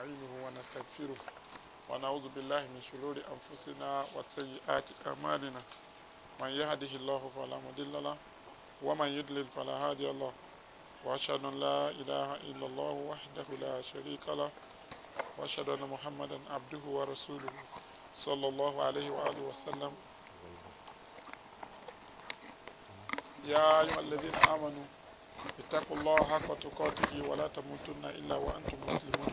ونستعينه ونستغفره ونعوذ بالله من شرور أنفسنا وسيئات أعمالنا من يهده الله فلا مضل له ومن يضلل فلا هادي له وأشهد أن لا إله إلا الله وحده لا شريك له وأشهد أن محمدا عبده ورسوله صلى الله عليه وآله وسلم يا أيها الذين آمنوا اتقوا الله حق تقاته ولا تموتن إلا وأنتم مسلمون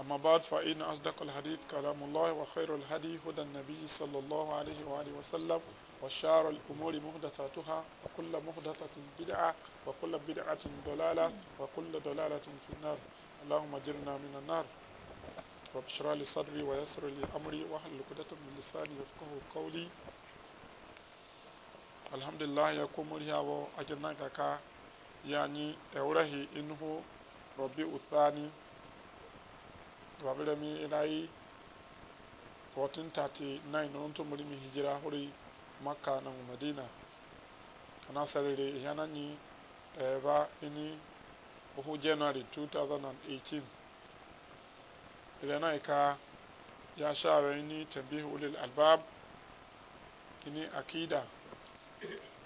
أما بعد فإن أصدق الحديث كلام الله وخير الهدي هدى النبي صلى الله عليه وآله وسلم وشار الأمور محدثاتها وكل محدثة بدعة وكل بدعة ضلالة وكل ضلالة في النار اللهم اجرنا من النار رب لي صدري ويسر لي أمري وأهل عقدة من لساني يفقه قولي الحمد لله يكون مريا وأجرناك كا يعني أوره إنه ربي الثاني babere mi ilayi 1439 non to muri mi hijira huri makka na madina kana sarere ihana ni eba eh, ini ohu january 2018 ilana ika ya shawe ni tambih ulil albab kini akida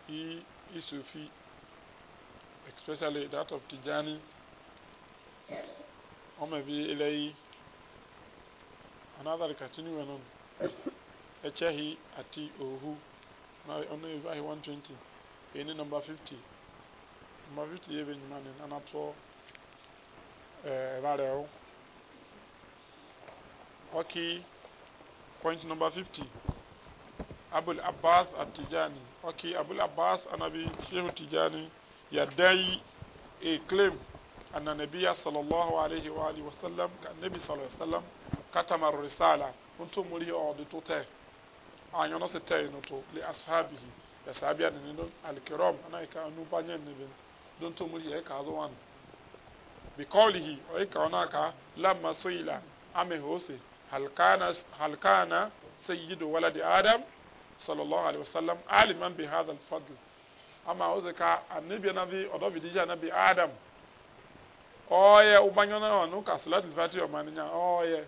i isufi especially that of tijani ọmọ bi ilayi another continue on hi ati ohu na ono ivahi 120 eni number 50 number 50 ebe nyuma ni na nato ebare o oki point number 50 abul abbas atijani oki abul abbas anabi shehu tijani yadai a claim anna nabiyya sallallahu alayhi wa alihi ka nabi sallallahu wa sallam. katama risala nto muri ɔdi to tɛ anyɔ no se tɛ yi no to li ashabihi yasaabi a nini no alikiram ana yi ka anu ba nyɛ nibi do nto muri yɛ ka adu wan bikɔlihi ɔyi ka ɔna ka lamma soyila ame hose halkana halkana wala di adam sallallahu alaihi wasallam aliman bi hadha alfadl ama hose ka anabi anabi ɔdɔ bi dija anabi adam ɔyɛ ubanyɔ na ɔnu ka salatu fati ɔmaninya ɔyɛ.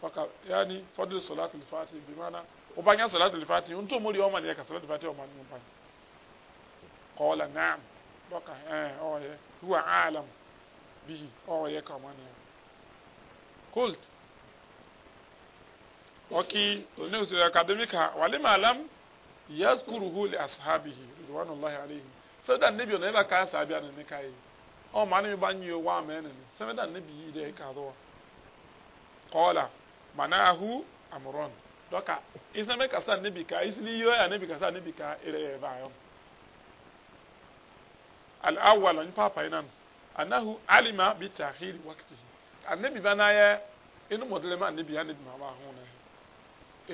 faka yani fadlu salat al bi mana ubanya salat al unto muri ka salat al o qala na'am baka eh o alam bihi o ye ka qult ne akademika alam yazkuruhu li ashabihi ridwanullahi na ka manahu amron dɔka isame kasa nebi ka isili yɔ ya nebi kasa nebi ka ere yɛ ba yɔm al awal ɔnyi papa yinan anahu alima bi tahiri wakiti anebi ba n'ayɛ inu mɔdele ma anebi ya nebi ma ba ho na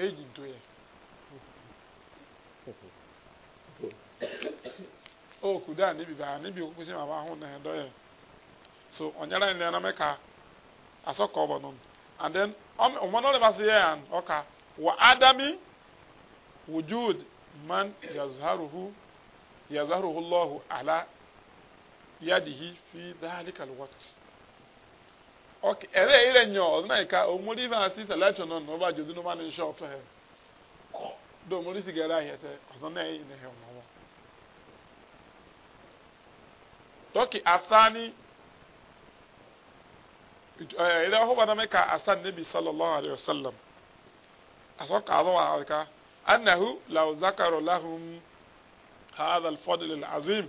eyi nto yɛ o kuda anebi ba anebi okoko si ma ba ho na dɔ yɛ so ɔnyala yi ni anamɛ ka asɔkɔ bɔ nono. and then ọmọ náà lè bá sí yẹ ẹ wujud man yazaruhu yazaruhu ala yadihi fi dhalika alwaqt ok ere ẹrẹ nyọ ọdún náà ìka òmùrí ìfẹ́ àti selection náà ọba jòdì ní wọn ní ṣe ọtọ ẹ isi òmùrí sì gẹrẹ ayẹ tẹ ọdún náà idan hoba na mai ka a san nabi sallallahu alaihi wasallam a so ka zo a harka annahu law zakaru lahum hadha al-fadl al-azim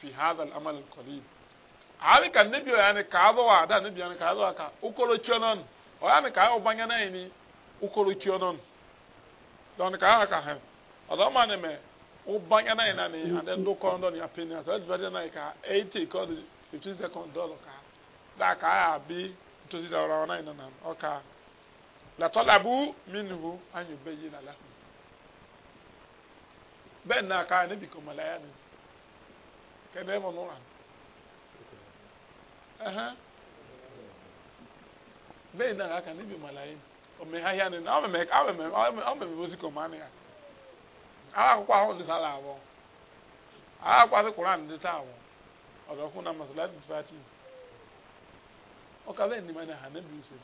fi hadha al-amal al-qalil ari ka nabi ya ne ka zo a da nabi ya ne ka zo ka ukoro kionon o ya ne ka o banya na ni ukoro kionon don ka ka ha odo ma ne me o banya na ni na ni and then do kondo ni apenia so it's very like 80 cause 15 second dollar ka daka ya abi ntozi ọrọ ọna ịnọ na ọka latọlabu minuhu anyị obeyi na lahu bẹẹ na aka ne biko malaya ni kẹne mọ nura bẹẹ na aka ne bi ya ni na ọmọ mẹka ọmọ mẹka ọmọ ya akwụkwọ ahụ ndị sara abụọ abụọ ọdọkụ na ɔkala ɛnima na hana bi nsɛm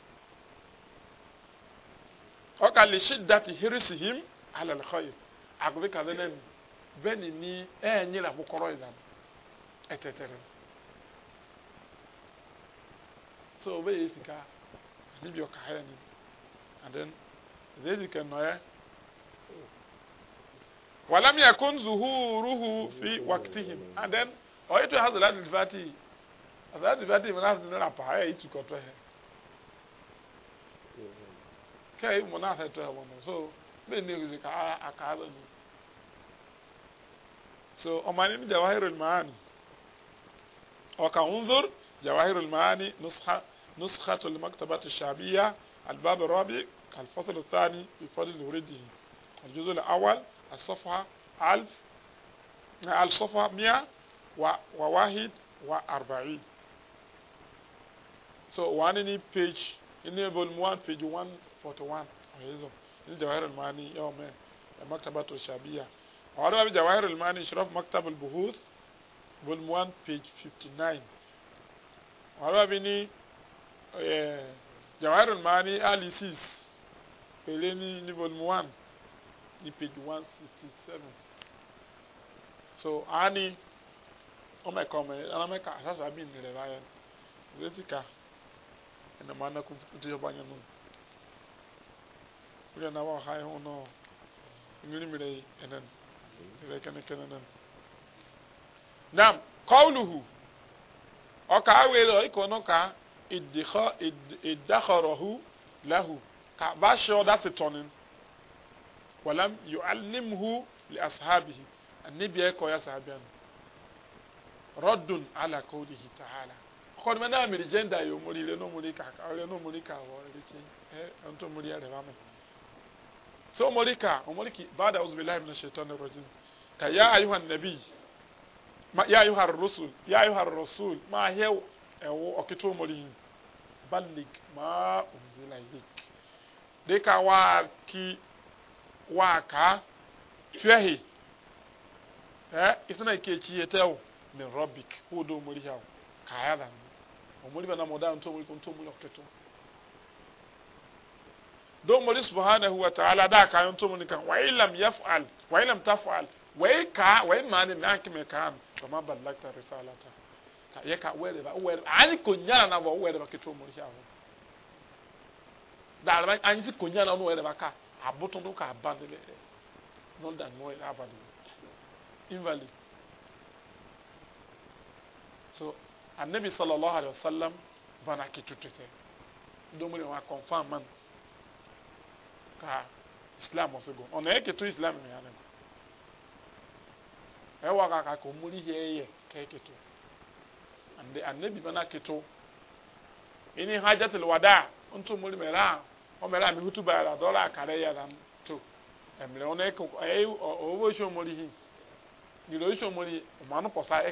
ɔkala shiddati hirisihim alal khayr agobi kala na mu bɛni ni ɛɛnyira kɔkɔrɔ yi lan ɛtɛtɛrɛ so ɔbɛ yɛ sika ani bi ɔka hɛ ni and then ɛdɛ sika nɔɛ walam yakun zuhuruhu fi waqtihim and then hazala alifati asaati bɛ ti muna ne na paa ɛyi tukɔ tɔ hɛ kɛ yi muna hɛ tɔ hɛ wɔn so bɛn ne kuzi ka a kaa bɛ nu so ɔmani ni jawahirul maani ɔka hunzur jawahirul maani nusxa nusxatul maktabati shabiya albab rabi الفصل الثاني في فضل ورده الجزء الأول الصفحة ألف الصفحة مئة وواحد وأربعين so wani ni page ini volume one page one forty one hizo ni jawahir almani yao me ya maktaba tu shabia awadu wabi jawahir almani shiraf maktab albuhuth volume one page fifty nine awadu wabi ni eh, jawahir almani alisis pele ni ni volume one ni page one sixty seven so ani ọmọ ẹkọ ọmọ ẹ anamẹka asasa mi nìrẹ báyẹn lẹsìkà ɛna mu ana kumfutu yɛ ɔbanya no wia na wa ɔha ho no nwiri mmerɛ yi ɛnɛ no ɛbɛ kɛnɛ kɛnɛ nɛ nam kɔɔluhu ɔka awele ɔyikɔ no ka idikɔ idakɔrɔhu lahu ka bahyɛ ɔdate tɔnin walam yu'allimhu li ashabihi annabi e ya sahabiyan raddun ala qawlihi ta'ala kɔdu mɛ n'a miri jɛn da yi o mori le n'o mori ka ka le n'o mori ka wɔ le tse ɛ an t'o mori yɛrɛ b'a mɛ so o ka o mori ki ba da uzubi lahi na shetɔ ne rɔdzi ka ya ayi wa nabi ma ya ayi wa rusul ya ayi wa rusul ma hɛ ɛwɔ ɔkitɛ o mori yi balik ma umzi la yi de ka wa ki wa ka fiɛhi ɛ eh, isana ike ekyi yɛ tɛ o min rɔbik k'o do mori yɛ o kaaya la mi. omuli bana moda ntomuli kuntomuli oketo do mori subhanahu wa ta'ala da ka ntomuli kan wa illam yaf'al wa illam taf'al wa ka wa ma ne ma ki me kan kama ballakta risalata ka ye ka wele ba wele ani ko nyana na ba wele ba keto mori sha da ba ani ko nyana no wele ba ka aboto do ka abandele not that no abandele invalid so annabi sallallahu alaihi wasallam bana ki tutute domure wa confirm man ka islam wasu go ona yake to islam ne yana e wa ka ko muri he ye ke ke to ande annabi bana ki to ini hajatul wada untu muri mera o mera mi hutuba dola kare ya dan to emle ona e ko e o wo sho muri hi sho muri manu posa e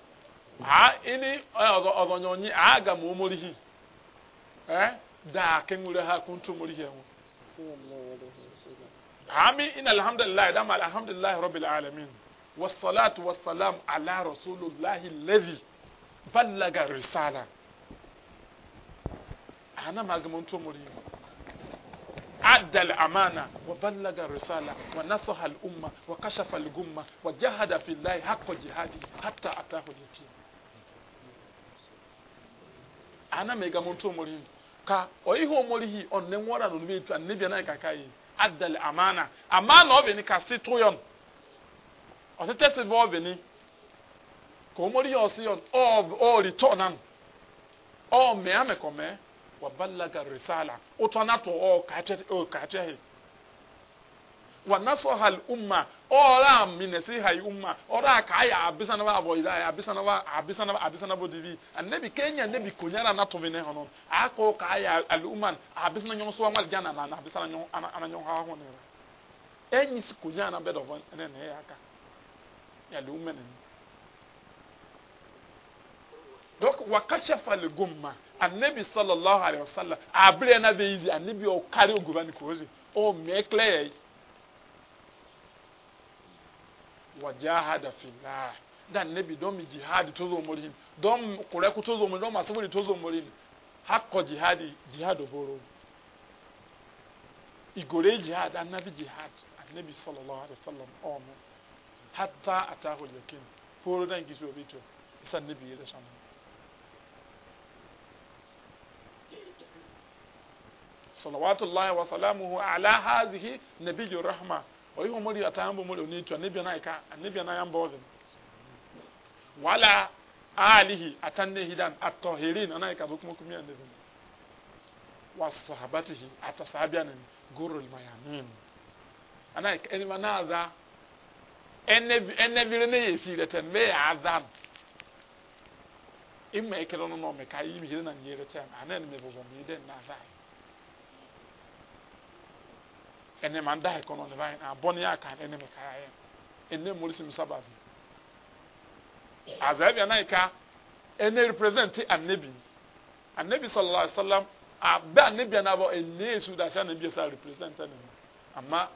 ha ini ọzọnyọnyi aga ma omorihi eh da ke nwere ha kuntu omorihi enwe ami in alhamdulillah dama alhamdulillah rabbil alamin wassalatu wassalam ala rasulillahi alladhi ballaga risala ana magamuntu omorihi أدى الأمانة وبلغ الرسالة ونصح الأمة وكشف الغمة وجاهد في الله حق جهاده حتى أتاه اليقين ana mega muntu omuli ka oyihe omuli onne nwara no betu anne bia na yi adal amana amana obe ni kasi toyon otete se bo obe ni ko omuli ya on o o return an o me ame kome wa ballaga risala to o ka o ka wa nasoha umma ora minasiha al-umma ora ka ya abisana ba boy da ya abisana ba abisana ba abisana kenya divi annabi kenya annabi kunyara na tovine hono ka ya ali umma abisana nyon so amal jana na abisana nyon ana nyon ha ho nera enyi kunyana bed of ne ne ya ka ya al-umma ne donc wakashafa al-gumma annabi sallallahu alaihi wasallam abre na be izi annabi o kare oguba ni kozi o mekle wajahada fillah dan nabi don mi jihadi to zo morin don kure ku to zo morin don masu wuri to zo morin hakko jihadi jihad boro igore jihad annabi jihad annabi sallallahu alaihi wasallam on hatta atahu yakin foro dan gisu bito isan nabi da sanan salawatullahi wa salamuhu ala hazihi nabiyyu rahma Oyi oyiwo mori ata mbo mori oni twa nebia na ka nebia na yamba ovin wala alihi atanne hidan at-tahirin na ka bukuma kumia nebia wa sahabatihi atasabian gurul mayamin ana eni manaza enne enne bire ne yesire tembe azab imma ekelo no no me kai mi hidan na nyere tem anen me bobo mi den na azab ɛnɛ man da ɛkɔ no ɔnɛba yɛn abɔne aka ɛnɛ mɛ kaa yɛn ɛnɛ mo resim saba bi azaa bi anan ka ɛnɛ represent anabi anabi sallallahu alaihi wasallam abɛ anabi anabɔ ɛnɛ esu da ahyɛ anabi ɛsɛ represent ɛnɛ ama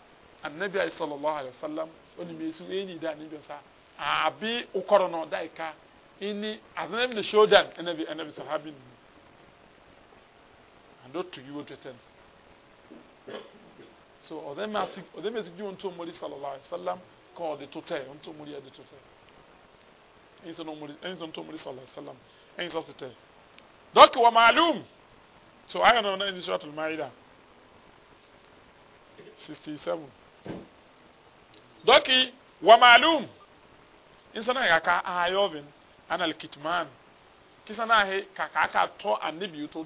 anabi ayi sallallahu alaihi wasallam ɔnim esu ɛni da anabi ɛsɛ abi ɔkɔrɔ no da ɛka ɛni azanabi ne shoulder ɛnɛ bi ɛnɛ bi sahabi ni and o tu yi wo twɛtɛ so ọdẹ mẹsì ọdẹ mẹsì ju ohun tó mọlẹ sàlọlá sàlám kọ ọdẹ tó tẹ ohun tó mọlẹ ẹdẹ tó tẹ ẹyin sọ ohun tó mọlẹ sàlọlá sàlám ẹyin sọ sí tẹ dọkì wọ màálùm so ayọ náà náà ẹni sọ àtúntò máa sixty seven dọkì wọ màálùm nsọ náà kàkà ayọvin anal kitman kisa náà kàkà kàtọ anibi tó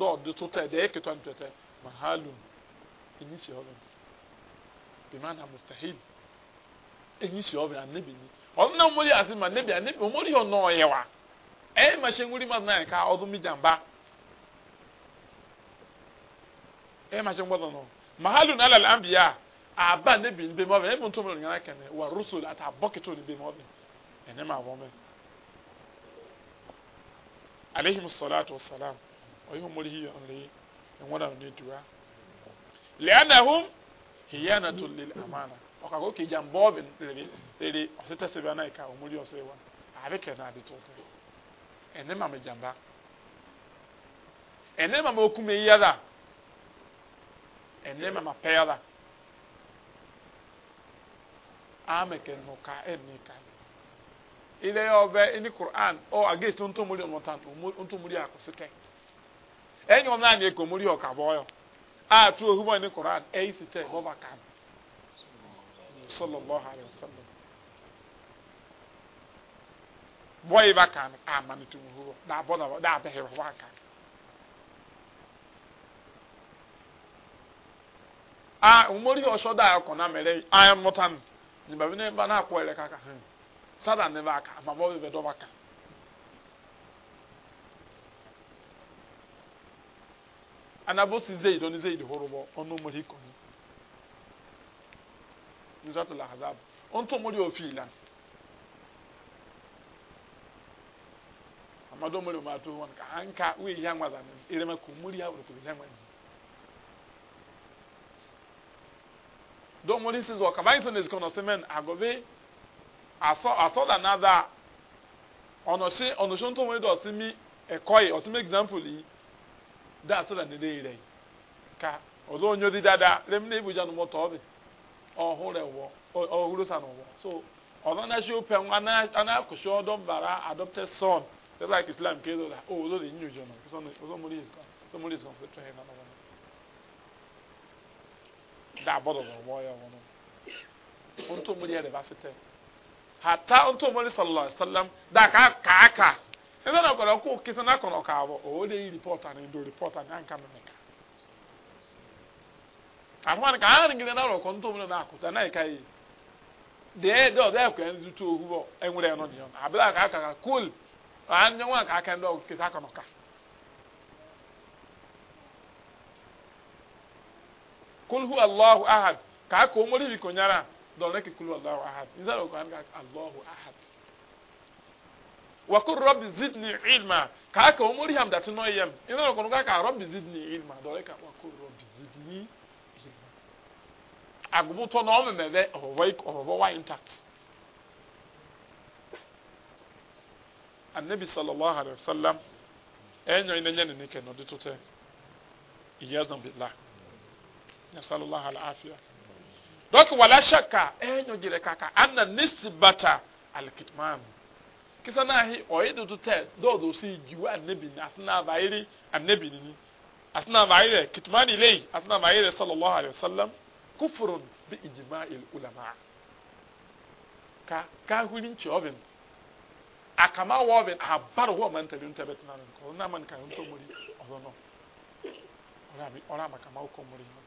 dọọdẹ tó tẹ ẹdẹ ẹkẹtọ ntẹtẹ màálùm. enyi si ọbịa bimana mustahil enyi si ọbịa anabi ni ọmụ na mmiri asị ma anabi anabi mmiri ọ nọ ọyịwa ee ma ṣe nwuri mmadụ naanị ka ọdụ mmiri mba ee ma ṣe ngwọdọ nọ ma ha lụ n'ala ambiya aba anabi ndị mọbịa ebe ntụ mmiri nyere kene ụwa rusul ata bọkịta ndị mọbịa ene ma wọme alayhi salatu wassalam oyi mmiri hi ọnri enwere ndị ha لأنهم خيانة للأمانة ọkàkọ́ kejì àmbọ́ọ̀bì rere rere ọ̀sẹ̀tẹ̀sẹ̀bẹ̀ náà ìka òmùrí ọ̀sẹ̀ wọn àbẹ̀kẹ̀ náà di tó tẹ̀ ẹ̀ní màmí jàmbá ẹ̀ní màmí okùn mi yára ẹ̀ní màmí pẹ́yàrá àmẹ̀kẹ̀ nùkà ẹ̀ní ká ilẹ̀ ọbẹ̀ ẹni quran ọ a tu ohubo ni quran e isi te baba kan sallallahu alaihi wasallam boy ba kan amani tu hubo da bona da be he huwa kan a umori oso da ko na mere i am not am ni ba ne ba na ko ele kaka hmm. sada ne ba ka ma bo be do ba kan anabo si zayid ɔne zayid horobɔ ɔno mo hikɔ ni nzɔto la hazab ɔnto mo de ofi ilan amadu mo de ato wɔn ka anka wo eyi anwa zan erema ko mo de awuro ko eyi anwa ni dɔn mo de zɔ kaba yi na esi kɔnɔ semen agobe asɔ asɔ da nada ɔnɔsi ɔnɔsi ntɔmɔ yi dɔ ɔsi mi ɛkɔ yi ɔsi mi example yi daa so na ne ne yɛrɛ ka ɔdɔ onyo di dada lɛm ne ibuja no mo tɔɔ bi ɔho rɛ wɔ ɔhuro sa no wɔ so ɔno na hyɛ opɛ ho ana ana akɔhyɛ ɔdɔ mbara adopted son just like islam kee do la o ɔdɔ de nyu jɔ no ɔsɔ no ɔsɔ mo lis ɔsɔ mo lis kɔn fɛ tɔn yɛ nana wɔn daa bɔdɔ wɔn wɔn yɛ wɔn no ntɔn mo yɛ de ba se tɛ hata ntɔn e na ɔkɔdɔ kó kisa na kɔnɔ ka awɔ o de yi rịpọta ni do ripɔta ni anka mmemme ka àtúmọ̀ na ɔkɔ na n'akuta na ɛka yi deɛ dɛ ɔdɛ ɛkɔɛ ni tutu ohu bɔ ɛnwere ɛno deɛ ɔno k'a kool a k'a kɛn dɛ ɔkɔ kisa kɔnɔ ka kool hu ahad k'a kɔ omori bi konyara dɔlɔ ne kool ahad ndị na ka ahad. wakul rabbi zidni ilma ka aka omori ham dati no yam ina no kono ka rabbi zidni ilma dole ka wakul rabbi zidni ilma agbu to no me mebe ovoi ovoi wa intact annabi sallallahu alaihi wasallam enyo ina nyane nike no ditote iyazan billah ya sallallahu alaihi afia donc wala shakka enyo jire kaka anna nisbata alkitman kisa na ahi ɔyɛ de to tɛ dɔɔdo si yiwa anabi ni asena abayere anabi ni asena abayere kitumani lei asena abayere sallallahu alaihi wasallam kufurun bi ijima il ulama ka kahuri nkyɛ ɔbɛn akama wɔ ɔbɛn abar hɔ ɔman tɛbi ntɛ tena ne nkɔ ɔna man ka ntɔ mori ɔdɔ nɔ ɔrabi ɔrama kama ɔkɔ mori nɔ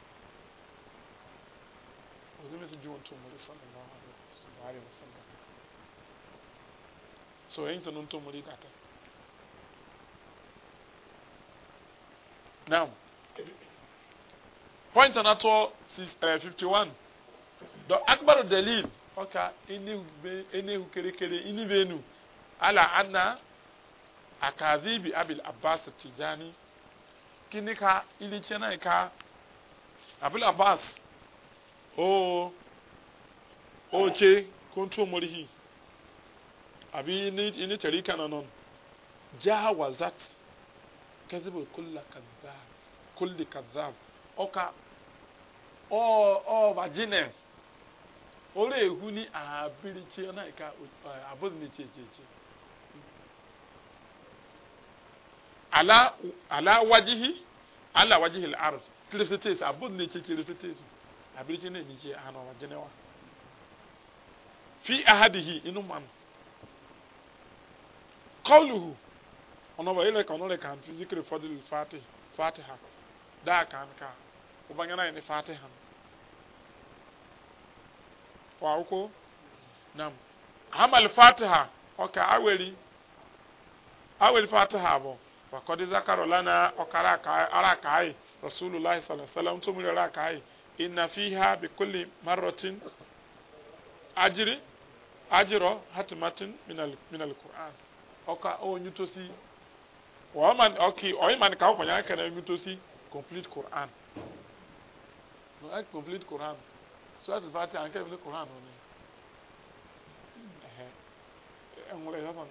ɔdɔ mi si ju wɔn tɔ mori sallallahu alaihi wasallam so ɛyin sɛ mu di kata now point anato six uh, fifty one dɔ akparo delil ɔka enehu be enehu kerekere inibenu ala ana akazibi abil abbas tijani kini ka ili kyɛnɛ ka abil abbas oo oh, oche okay. kontomorihi àbí ní tẹ̀rí kan náà já wazat kẹ́sìbò kólà kàdáà kólì o ọkà ọ̀ọ̀bà jìnnà orí èhu ní àbíríkye náà ìka che che che ala ala wajihi ala wajihi arus kirifitis àbúrò ní che kirifitis àbíríkye náà ní kyekyekyé àná wà jìnnà wa fi ahadihi inú mọ́nù kọluhu ọnọba ilẹ ka le kan fi zikiri fọdil fati fatiha daa kan ka ọbanyana yi ni fatiha wa akwụkwọ nam amal fatiha ọka aweli aweli fatiha bụ fakọdị zakaro lana ọkara ara aka anyị rasulullah sallallahu ntụmiri ara aka anyị inna fiha bikulli marrotin ajiri ajiro hatimatin minal, minal qur'an ɔka ɔnyutosi ɔman ɔki ɔyima ni kawo kpanyara kɛnɛ ɔnyutosi complete quran no ɛ complete quran so ɛ ti anke ɛmɛ quran wɔ ni ɛhɛ ɛŋlɛ yɔ fɔn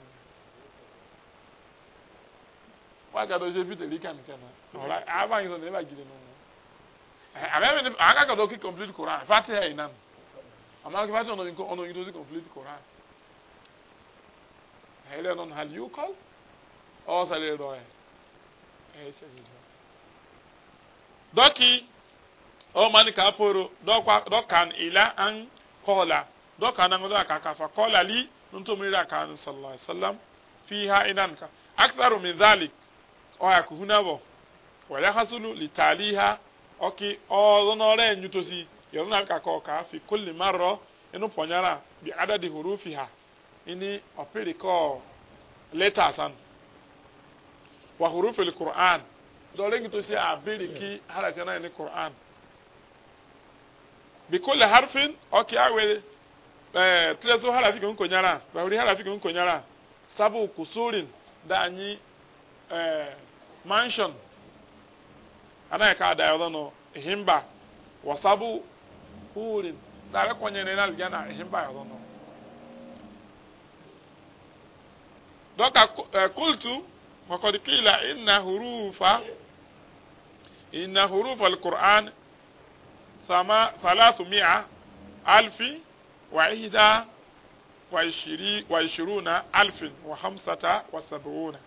wájà dɔ ṣe bí tèlí kàn kẹna ọ̀la àbá yin sọ ní ẹ bá jìnnà nù ẹ àbẹ mi ni complete quran fati ẹ̀ yìí nàn àmọ́ kí fati ọ̀nà complete quran hele non hal yukal o sale do e e se do doki o mani ka poro do kwa ila an kola do kan an do ka fa kola li nuntu mi ra kan sallallahu alaihi wasallam fiha inan ka aktharu min dhalik o ya kuhuna bo wa ya hasulu litaliha oki o no re nyutosi yo na ka ko fi kulli marra inu ponyara bi adadi hurufiha ini opere ko letters an wa huruf qur'an do lengi to se abere ki haraka na ni qur'an bi kulli harfin okay awere eh trezo harafi ko nkonyara ba harafi ko nkonyara sabu kusurin da anyi eh, mansion ana ka da yodo no himba wasabu hurin da re konyere na aljana himba yodo no donc kultu wakɔdi kiila ina hurufa ina hurufa alqur'an sama salasu mi'a alfi wa ihda wa ishiri wa ishiruna alfin wa hamsata wa sabuuna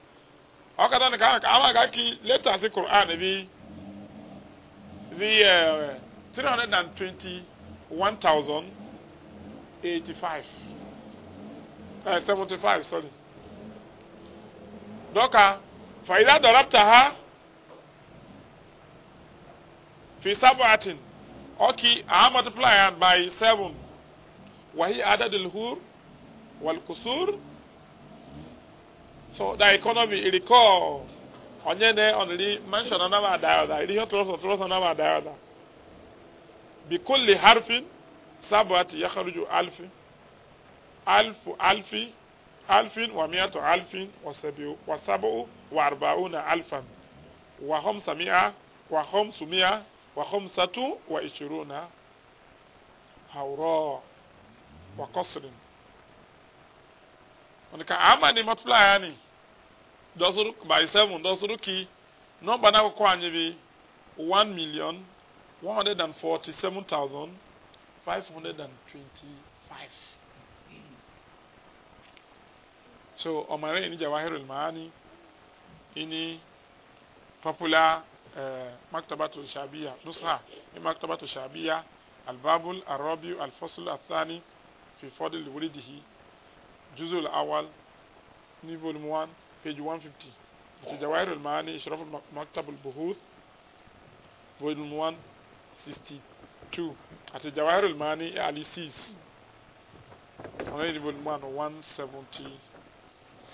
ɔkata ni kan kan ama ka ki leta si qur'an bi bi three hundred and twenty one thousand eighty five eh, seventy five sorry dɔka fayida dɔrɔbta ha fi sabu atin ɔki aha multiply am by seven wahi adadul hur wal kusur so da economy irikɔ ɔnyɛ ne ɔniri mansion anaba adayɔda iri hɛ tɔrɔsɔ tɔrɔsɔ anaba Because the harfin sabu ati alfi alfu alfi. ألف ومئة ألف وسبع وأربعون ألفا وخمسمائة وخمسمائة وخمسة وعشرون هوراء وقصر onika ama ni multiply yani dosuru by seven dosuru ki number na kwa anyi bi one million one so omare ní jawahirul maani ini popular eh, maktabatu shabiya nusra ni maktabatu shabiya albabul arabi alfasl athani fi fadl walidihi juzul awal ni volume one page 150 ni ti jawahirul maani ishrafu maktabul buhuth volume one sixty àti jawahirul maani ali six ọmọrẹ ni volume one one seventy.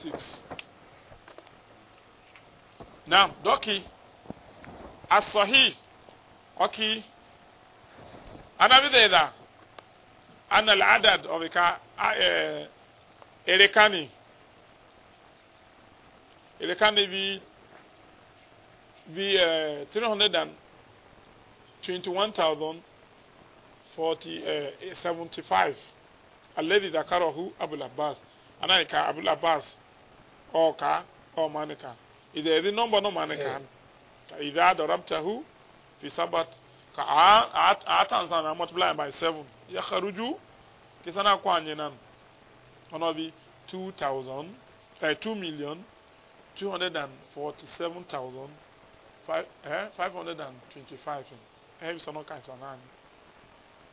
six na doki asahi oki anabi de da anal adad ɔbika erekani erekani bi bi ɛɛ three hundred and twenty one thousand forty seventy five alɛdi dakarahu abul abbas anayi ka abul abbas ọka ọmanika ìdè ẹni nọmba náà manika ìdè adọrọptahu fi sabat ka atansan na multiply by seven yẹ xaruju kisan akọ anyi nan ọnà bi two thousand ẹ eh, two million two hundred and forty seven thousand eh, five hundred and twenty five ẹ eh, bí sọnà kàìsàn náà ni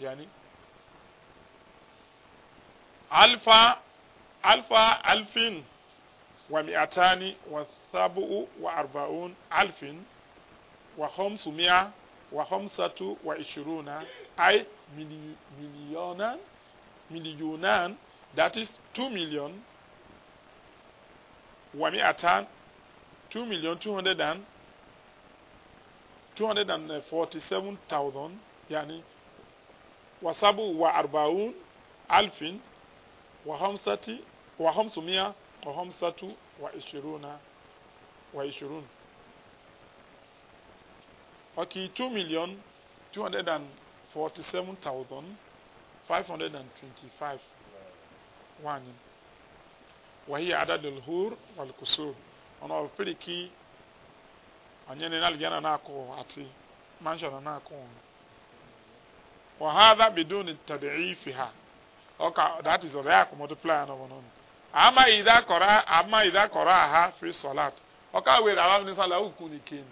yanni alfa alfa alfin. ومئتان وسبع وأربعون ألف وخمسمائة وخمسة وعشرون أي مليون مليونان that is 2 million ومئتان 2 million 200 247,000 يعني وسبع وأربعون ألف وخمسة وخمسمائة وخمسة وعشرون وعشرون Okay, two million two hundred and forty-seven thousand five hundred and twenty-five. One. وهي عدد الهور والكسور. أنا أفكر كي أني نالجانا ناكو أتي مانشانا ناكو. وهذا بدون التضعيفها. Okay, that is a multiplier of one ama ida kora ama ida kora ha free solat? oka we rawa ni sala uku ni kin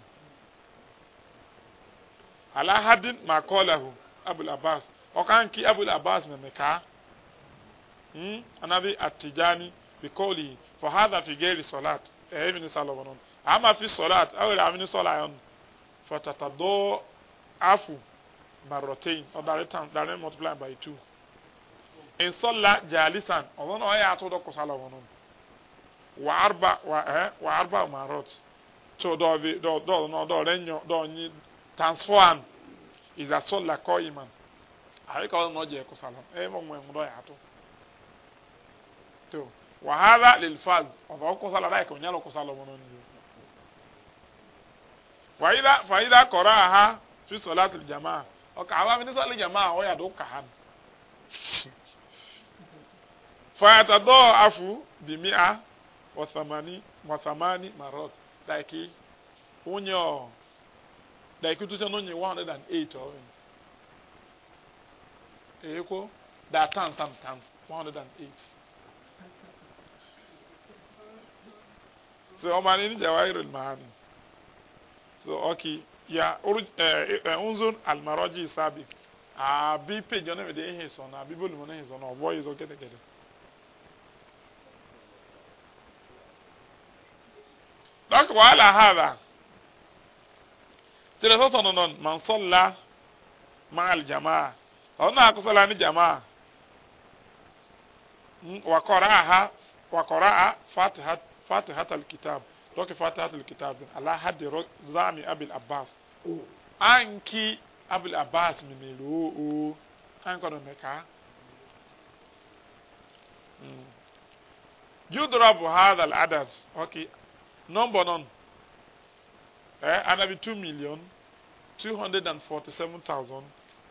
ala hadin ma qalahu abul abbas oka nki abul abbas me meka hmm anabi atijani bi qawli fa hadha fi ghairi salat eh ni sala wonon ama fi salat aw rawa ni sala yon fatatadu afu marratayn or direct multiply by two in salla jalisan ọdún ọyọ àti ọdọ kọsálà wọn nù wà arba wà ẹ wà arba marot tí o dọ̀ọ̀bi dọ̀ọ̀dọ̀ náà dọ̀ọ̀ rẹ̀ nyọ dọ̀ọ̀nyi transform ìzà sọ̀là kọ́ ìmàn àríkà ọdún náà jẹ́ kọsálà ẹ mọ̀ mọ̀ ẹ̀hún dọ̀ọ̀ yàtọ̀ tó wà hàrà lèlfàz ọ̀dọ̀ kọsálà láì kọ̀ nyàlọ̀ kọsálà wọn nù fàyídà fàyídà kọ̀rọ̀ àhá fi sọ̀lá tìlì jàmáà ọkà àwọn amínísọ̀lì jàmáà ọ̀ yàtọ̀ kàhán fayatadọ́ afu bimi a wasamani wasamani marot like onye ọ like tutu n'onye one hundred and eight ọ eyekwo that times times times one hundred and eight so ọma ni njawa irin maani so ọkì ya nzun almaroji sabi àbí pèjọ náà mi dé ihe sọ na àbí bólúmọ náà ihe sọ na ọbọ yìí sọ kẹtẹkẹtẹ. ذاك وعلى هذا تلاتة نون من صلى مع الجماعة هنا أقصد عن الجماعة وقرأها وقرأ فاتحة فاتحة الكتاب لوك فاتحة الكتاب على حد زعم أبي العباس أنكي أبي العباس من ملوء أنكو نمكا يضرب هذا العدد أوكي Number none. Eh, and I be two million two hundred and forty-seven thousand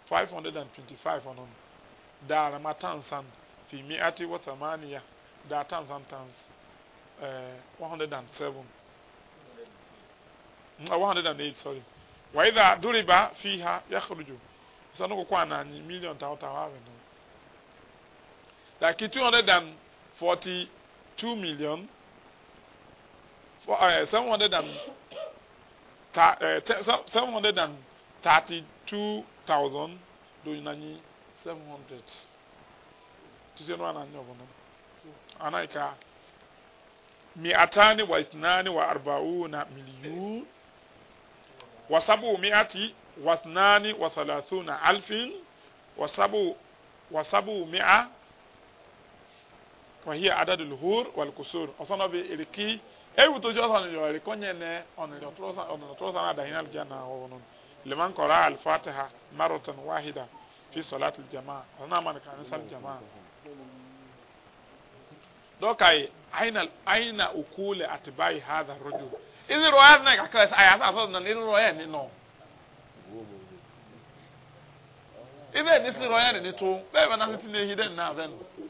five hundred and twenty-five on. Daar ma tansan fi mi ati wata mania. Daar tansan tans. Eh, mm, one hundred and eight. sorry wa idha duriba fiha yakhruju sanu ko kwana ni million taw taw ave no forty-two million uh, 732,000 do yinanyi 700 tuse no ana nyobo no anaika mi'atani wa ithnani wa arba'una miliyun wa sabu mi'ati wa ithnani wa thalathuna alfin wa sabu wa sabu mi'a wa hiya adadul hur wal kusur asana bi irki ewu to jɔ sani yɔ eri kɔnyɛ nɛ ɔnilɔ turo sani adahin alijanna wɔwɔ nɔn liman kɔra alifatiha marotan wahida fi sɔlati jama ɔsana amani kan Jamaa. jama dɔkai aina aina ukule atibai hada rojo izi ayaz na kakra ayaz asɔ nan iziro yɛ ni nɔ ibe nisiro yɛ ni ni to bɛɛ bɛ na titi ne hi dɛ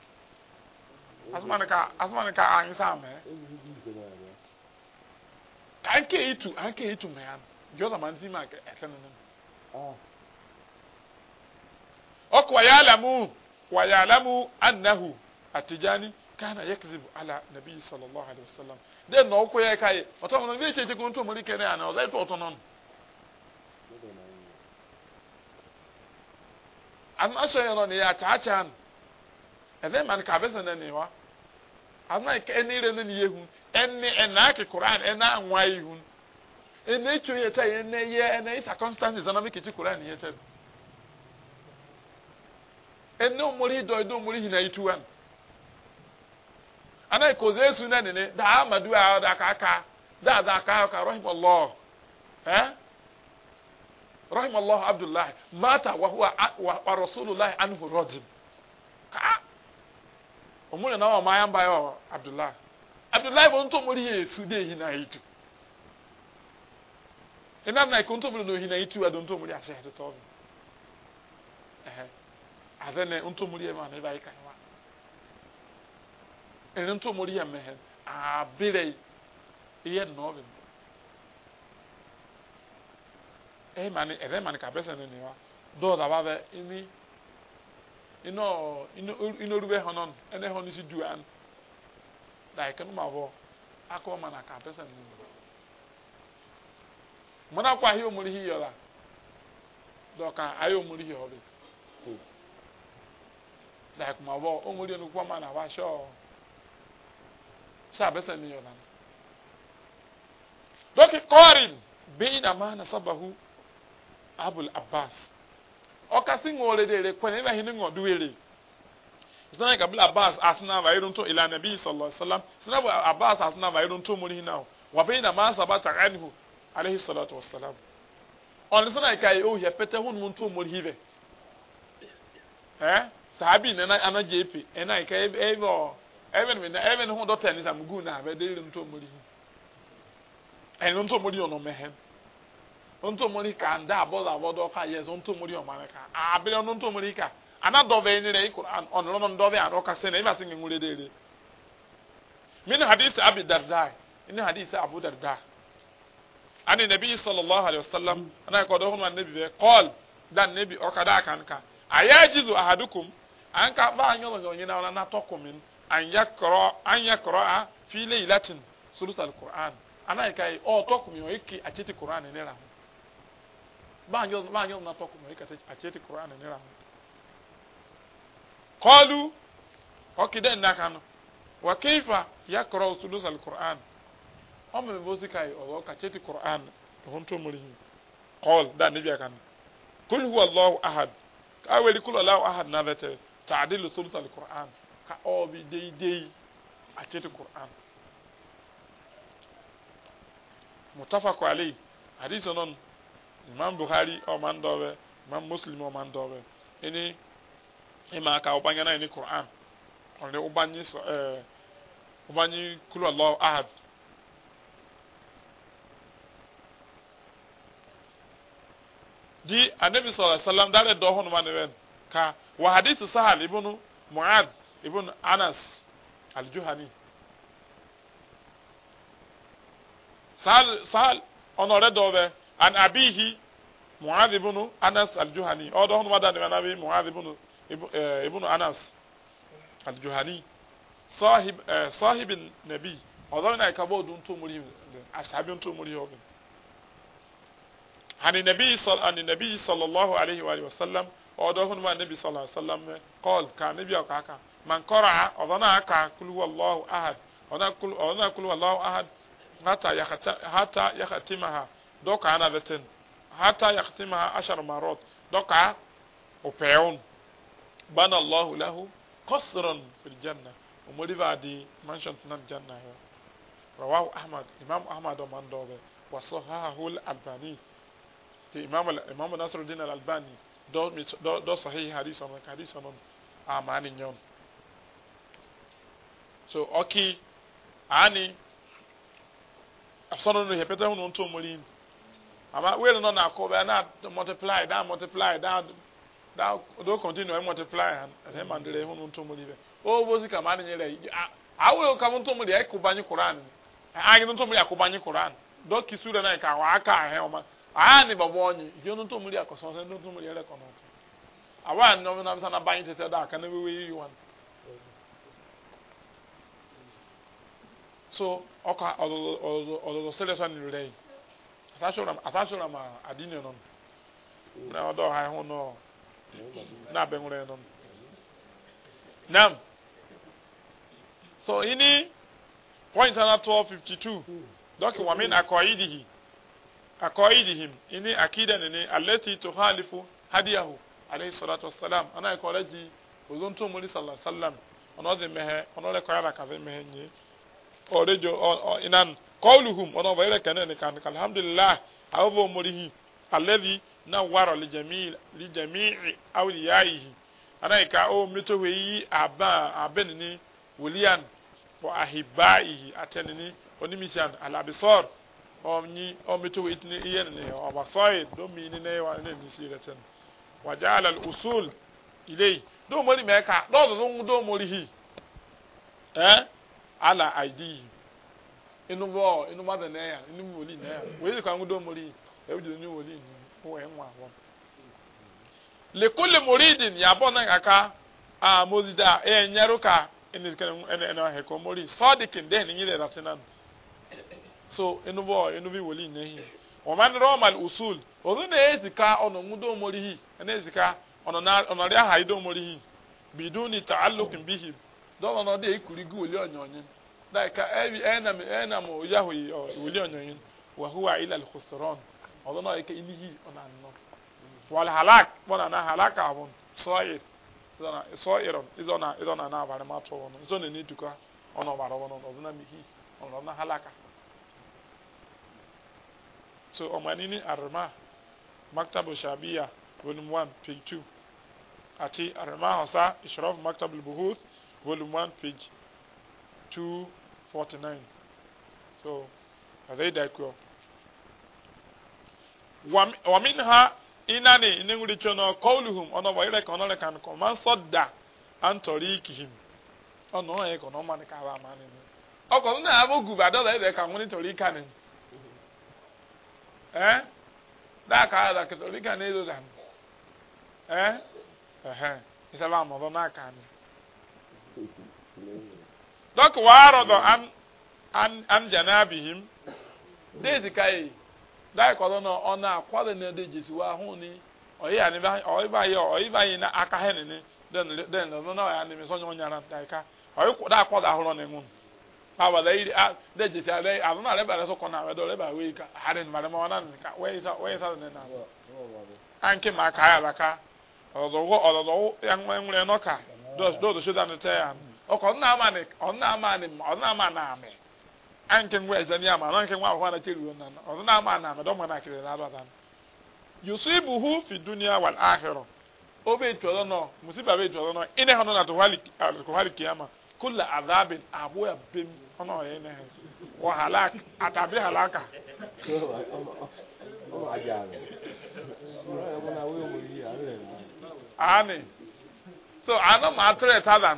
asumani ka asumani ka anyi ah, sa mɛ eh? ka an kee tu an kee tu mɛ yan jɔza man si ma ɛsɛ eh, ninnu ɔkò ah. wayalamu wayalamu anahu atijani kana yakizibu ala nabi sallallahu alaihi wasallam de na ɔkò ya ka ye ɔtɔ wɔn ne kye kye ko n tó mori kɛnɛ yana ɔzɛ tó ɔtɔ nɔn asumani sɔ yɛrɛ ni yɛ akyaakyaa no ɛdɛ mani abịa abɛsɛn na ni wa. ana ka ene ire ne yehu ene ena ke quran ena anwa yehu ene chu ye cha ene ye ene circumstances ana miki chi quran ye cha ene umuri do do umuri hina ituwa ana ko esu na ne daa amadu a da ka ka da da ka ka rahim allah eh rahim allah abdullah mata wa huwa wa rasulullah anhu rajim ọmụ na nawa ọmụ ayamba ya abdullahi abdullahi bụ ntụ mmiri ya esu dị ehi na itu ịnam na iko ntụ mmiri na ohi na itu adụ ntụ mmiri asị hịtụta ọbụ adị na ntụ mmiri ya ma na ebe anyị ka nwa ịrị ntụ mmiri ya mmeghe abịrị ihe nna ọbụ ehi ma ni ẹrẹ ma ni kàbẹsẹ ni wa dọọ dàbà bẹ ẹni. ino ino rube honon ene honi si duan dai kanu mavo akọ mana ka pesa ni mona kwa hi omuri hi yola doka ayo omuri hi hobi dai kuma vo omuri enu kwa na wa sho sa pesa ni yola doki qarin na ina na sabahu abul abbas ọkasị ṅụrịrịrị kwere ịba ihe ṅọdụwere sinai kabil abbas asina ba irin to ila abbas asina ba irin to muri na wa bayna ma sabata anhu alaihi salatu wassalam on sinai kai o ya to muri hive eh sahabi ne na ana jepe e na kai to muri en to ntomori ka ndị abọza abọdọ ka yes ntomori ọmara ka abịrị ọnụ ntomori ka anadọba enyere ịkụrụ ọnụrọ ndọba ya ọka sị na ịma sị gị nwere dere min hadis abi darda ini hadis abu darda ani nabi sallallahu alaihi wasallam ana ko do hono nabi be qol dan nabi o kada kan ka ayajizu ahadukum an ka ba anyo nyina na na tokumin an an fi laylatin ana kai o o iki quran ne banyo banyo na to kuma ikata acheti qur'an ne ran qalu okide na kan wa kayfa yaqra sudus alquran amma bo sikai o ka cheti qur'an to honto muri qol da ne biya kan kul huwa allah ahad ka weli kul allah ahad na vete ta'dilu sudus alquran ka obi dei dei acheti qur'an mutafaq alayhi hadithun imam buhari ọma ndọbe imam muslim ọma ndọbe ini ịma aka ụbanye na ini quran ọrịa ụbanye so ee ụbanye kulu allah ahad di anabi sallallahu alaihi wasallam dare do hono maneben ka wa hadith sahal ibn muad ibn anas al-juhani sahal sahal onore dobe عن أبيه معاذ بن أنس الجهني أو دهون مدى من أبي معاذ بن ابن أنس الجهني صاحب آه، صاحب النبي أو دهون كابو دون تومري أصحاب تومري هو عن النبي صلى عن النبي صلى الله عليه وآله وسلم أو دهون ما النبي صلى الله عليه وسلم قال كان النبي أكاكا من قرأ أو دهون أكا كل هو الله أحد أو دهون كل هو الله أحد حتى يختمها دوكا أنا بتن حتى يختمها عشر مرات دوكا وبيعون بنى الله له قصرا في الجنة ومولي بعدي منشن تنام جنة رواه أحمد إمام أحمد ومن دوبه وصححه الألباني تي إمام إمام ناصر الدين الألباني دو دو, دو صحيح حديث عن حديث عن أماني نيون so okay ani asọ́nà nù yẹ pẹ́tẹ́ Aba wey nọ na ya bịa na multiply that multiply that da do continue and multiply and him and the hunu ntu muri O bozi ka ma nyere awu ka ntu muri ai kubanye Quran. Ai ntu muri akubanye Quran. Do kisura na ka wa aka ahe oma. Ah ni babo onyi je ntu se no na sana banye tete da aka na we we you one. So ọka ọlụlụ ọlụlụ selesan asasora ma adini nọ na ọdọ ha ihu nọ na-abịa nwere nọ nam so ini point ana 1252 dọkị wamin akọidihi akọidihim ini akida nini alati hadi hadiyahu alayhi salatu wassalam ana ikọreji ozontu muri sallallahu alaihi wasallam ọnọdụ mehe ọnọdụ ekọrọ akazi mehe nye ọrejo ịnan قولهم وانا بيرا كان كان الحمد لله او مره الذي نور لجميع لجميع اوليائه انا كا او متو وي ابا ابنني وليان واحبائه اتنني onimishan alabisor omni omito itni iyenne obasoid domini ne wa ne misireten wajala al usul ilay do mori meka do do do mori hi eh ala aidihi inu bɔ inu ma dana ya inu mu wòlíì náà wòye kò àwọn mori ɛbi dòdò ni wòlíì ni wòye lekule moridin yabɔ a mozi da ɛyɛ e, ka ɛna so inu bɔ inu bi yi usul ɔno na ɔno mori yi ɛna na ɔno ri aha yi mori yi ni bihi na ɔde ekuri gu daka ebi enam enam yahu wuli onyoyin wa huwa ila al khusran odo na ke inihi ona oh, no wal halak bona na halaka abun ah, soyir zona soyiron izona izona na bare ma to wono oh, izona oh, ni duka ono bare wono odo na mihi ono na halaka ah. so omanini Arima maktabu shabiya volume One page Two. ati Arima hosa ishraf maktab al buhuth volume One page Two. 49 so adai da ko wamin ha inani ne nguri chono qawluhum ono wa ire kono le kan ko man sodda an torikihim ono e kono man ka ba man ni o ko na abo guba do le ka ngoni torika ni eh da ka da ka torika ni do dan eh eh eh isa ba mo na ka ni sọk waarọdọ an an an janabihim dezi kai dai kọdọ nọ ọ na akwado na de wa ni ọyị ba ba na aka he ni den den na ya ni mi dai ka ọyị akwado ahụrọ na enwu awa da iri a de na leba na ka harin mare ma wana ni ka we isa we na anke ma ka ya baka ọdọdọ ọdọdọ ya nwere ka ya ọkọ nna ama ni ọnna ama ni ọnna ama na amị anke nwa eze ni ama anke nwa ọnna ama na dọmọ na na hu fi dunia ahịrọ obe etu nọ musiba be etu ọzọ nọ ịne ha na ama kiyama kula azabi abụọ ya bem ọnụ ọya ịne ha wọ ama atabi halaka ani so anọ atụrụ ịta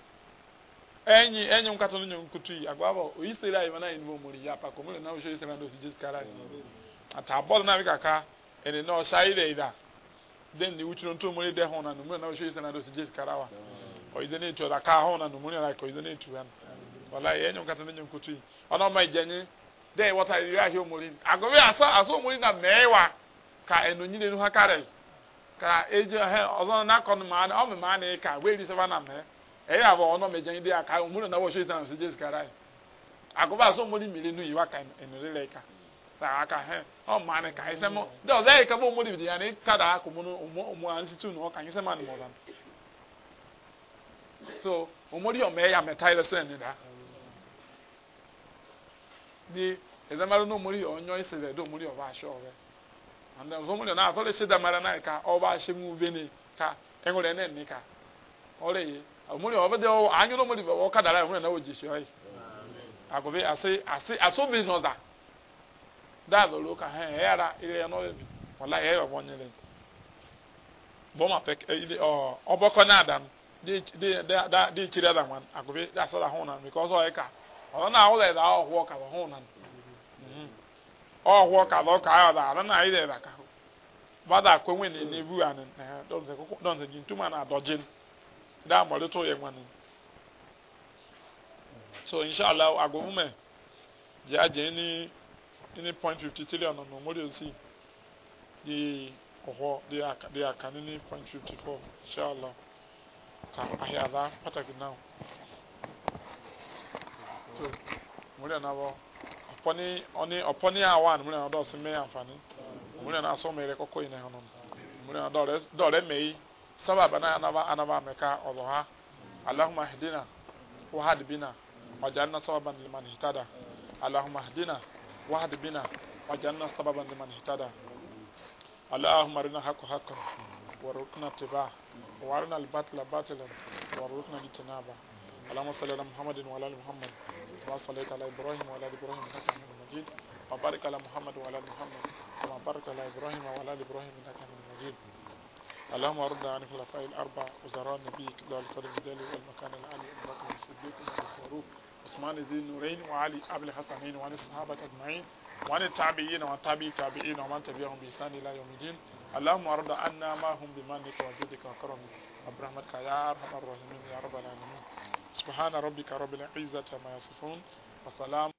enyi enyi mkatọ n'onye nkutu yi agwa bọ oyisere ayi mana inu omori ya pako na oshori sema ndosi jesus kara ata bọọlụ na abịa ka ene na ọsha ire ira den ni ntu hụ na numure na oshori sema ndosi jesus kara wa na etu ọdaka ahụ na na ka oyize na etu ya enyi nkutu yi ọna ọma wọta iri ahịa omori asa omori na meewa ka enu e na nu ha kara ka eji ọzọ na akọ ɛyɛ abɔ ɔnɔ mɛgyɛn de aka ɔmu na wɔhwɛ san so sika sikara yi akoba so mo ni mmiri no yi waka enuri lɛ ka na aka hɛ ɔma ne ka ɛsɛ mo de ɔsɛ yɛ kaba ɔmu de bi yanni kada ako mu no ɔmu ɔmu ansi tu no ɔka ɛsɛ ma ne mo lan so ɔmu de ɔmɛ yɛ amɛta yɛ sɛ ne da di ɛdɛmɛrɛ no ɔmu de ɔnyɔ ɛsɛ dɛ de ɔmu de ɔba ahyɛ ɔbɛ and then ɔmu de na atɔle hyɛ damara na ka ɔba ahyɛ mu vene ka ɛnwere ne nika, ka ɔre omuli obede o anyulo omuli o kadara ehun oyi agobe ase ase da lo lo ka he ile no bi wala e yo bonyele bo eh, oh, na adam di di da di chiri adam wan agobe da so da hun na because o e ka o ka ya da amọ̀lẹ́ to yẹ so inshallah agogunmẹ jẹ ajẹ ní ní point fifty three di ọ̀họ́ di àkànní point fifty four inshallah ka àyàlá pàtàkì náà so mórí ọ̀nà bọ̀ ọ̀pọ̀ni ọ̀ni ọ̀pọ̀ni àwọn àná mórí mee ọ̀dọ̀ ọ̀sìn mẹ́ àǹfààní mórí ọ̀nà asọ́mọ̀ ẹ̀rẹ́ kọ́kọ́ yìí náà sababa na anaba anaba meka oloha allahumma hdina wa hadi bina wajanna sababan liman hitada allahumma hdina wa hadi bina wajanna sababan liman hitada اللهم ارنا حق حقا وارزقنا اتباعه وارنا الباطل باطلا وارزقنا اجتنابه اللهم صل على محمد وعلى ال محمد كما صليت على ابراهيم وعلى ال ابراهيم انك حميد مجيد وبارك على محمد وعلى ال محمد كما باركت على ابراهيم وعلى ال ابراهيم انك حميد مجيد اللهم ارد عن الخلفاء الاربع وزراء نبيك دول قدر الدالي والمكان العالي ابو بكر الصديق وعمر الفاروق عثمان ذي النورين وعلي ابو الحسنين وعن الصحابه اجمعين وعن التابعين وعن تابعي التابعين ومن تبعهم باحسان الى يوم الدين اللهم ارد عنا ما هم بمنك وجودك وكرمك وبرحمتك يا ارحم الراحمين يا رب العالمين سبحان ربك رب العزه ما يصفون وسلام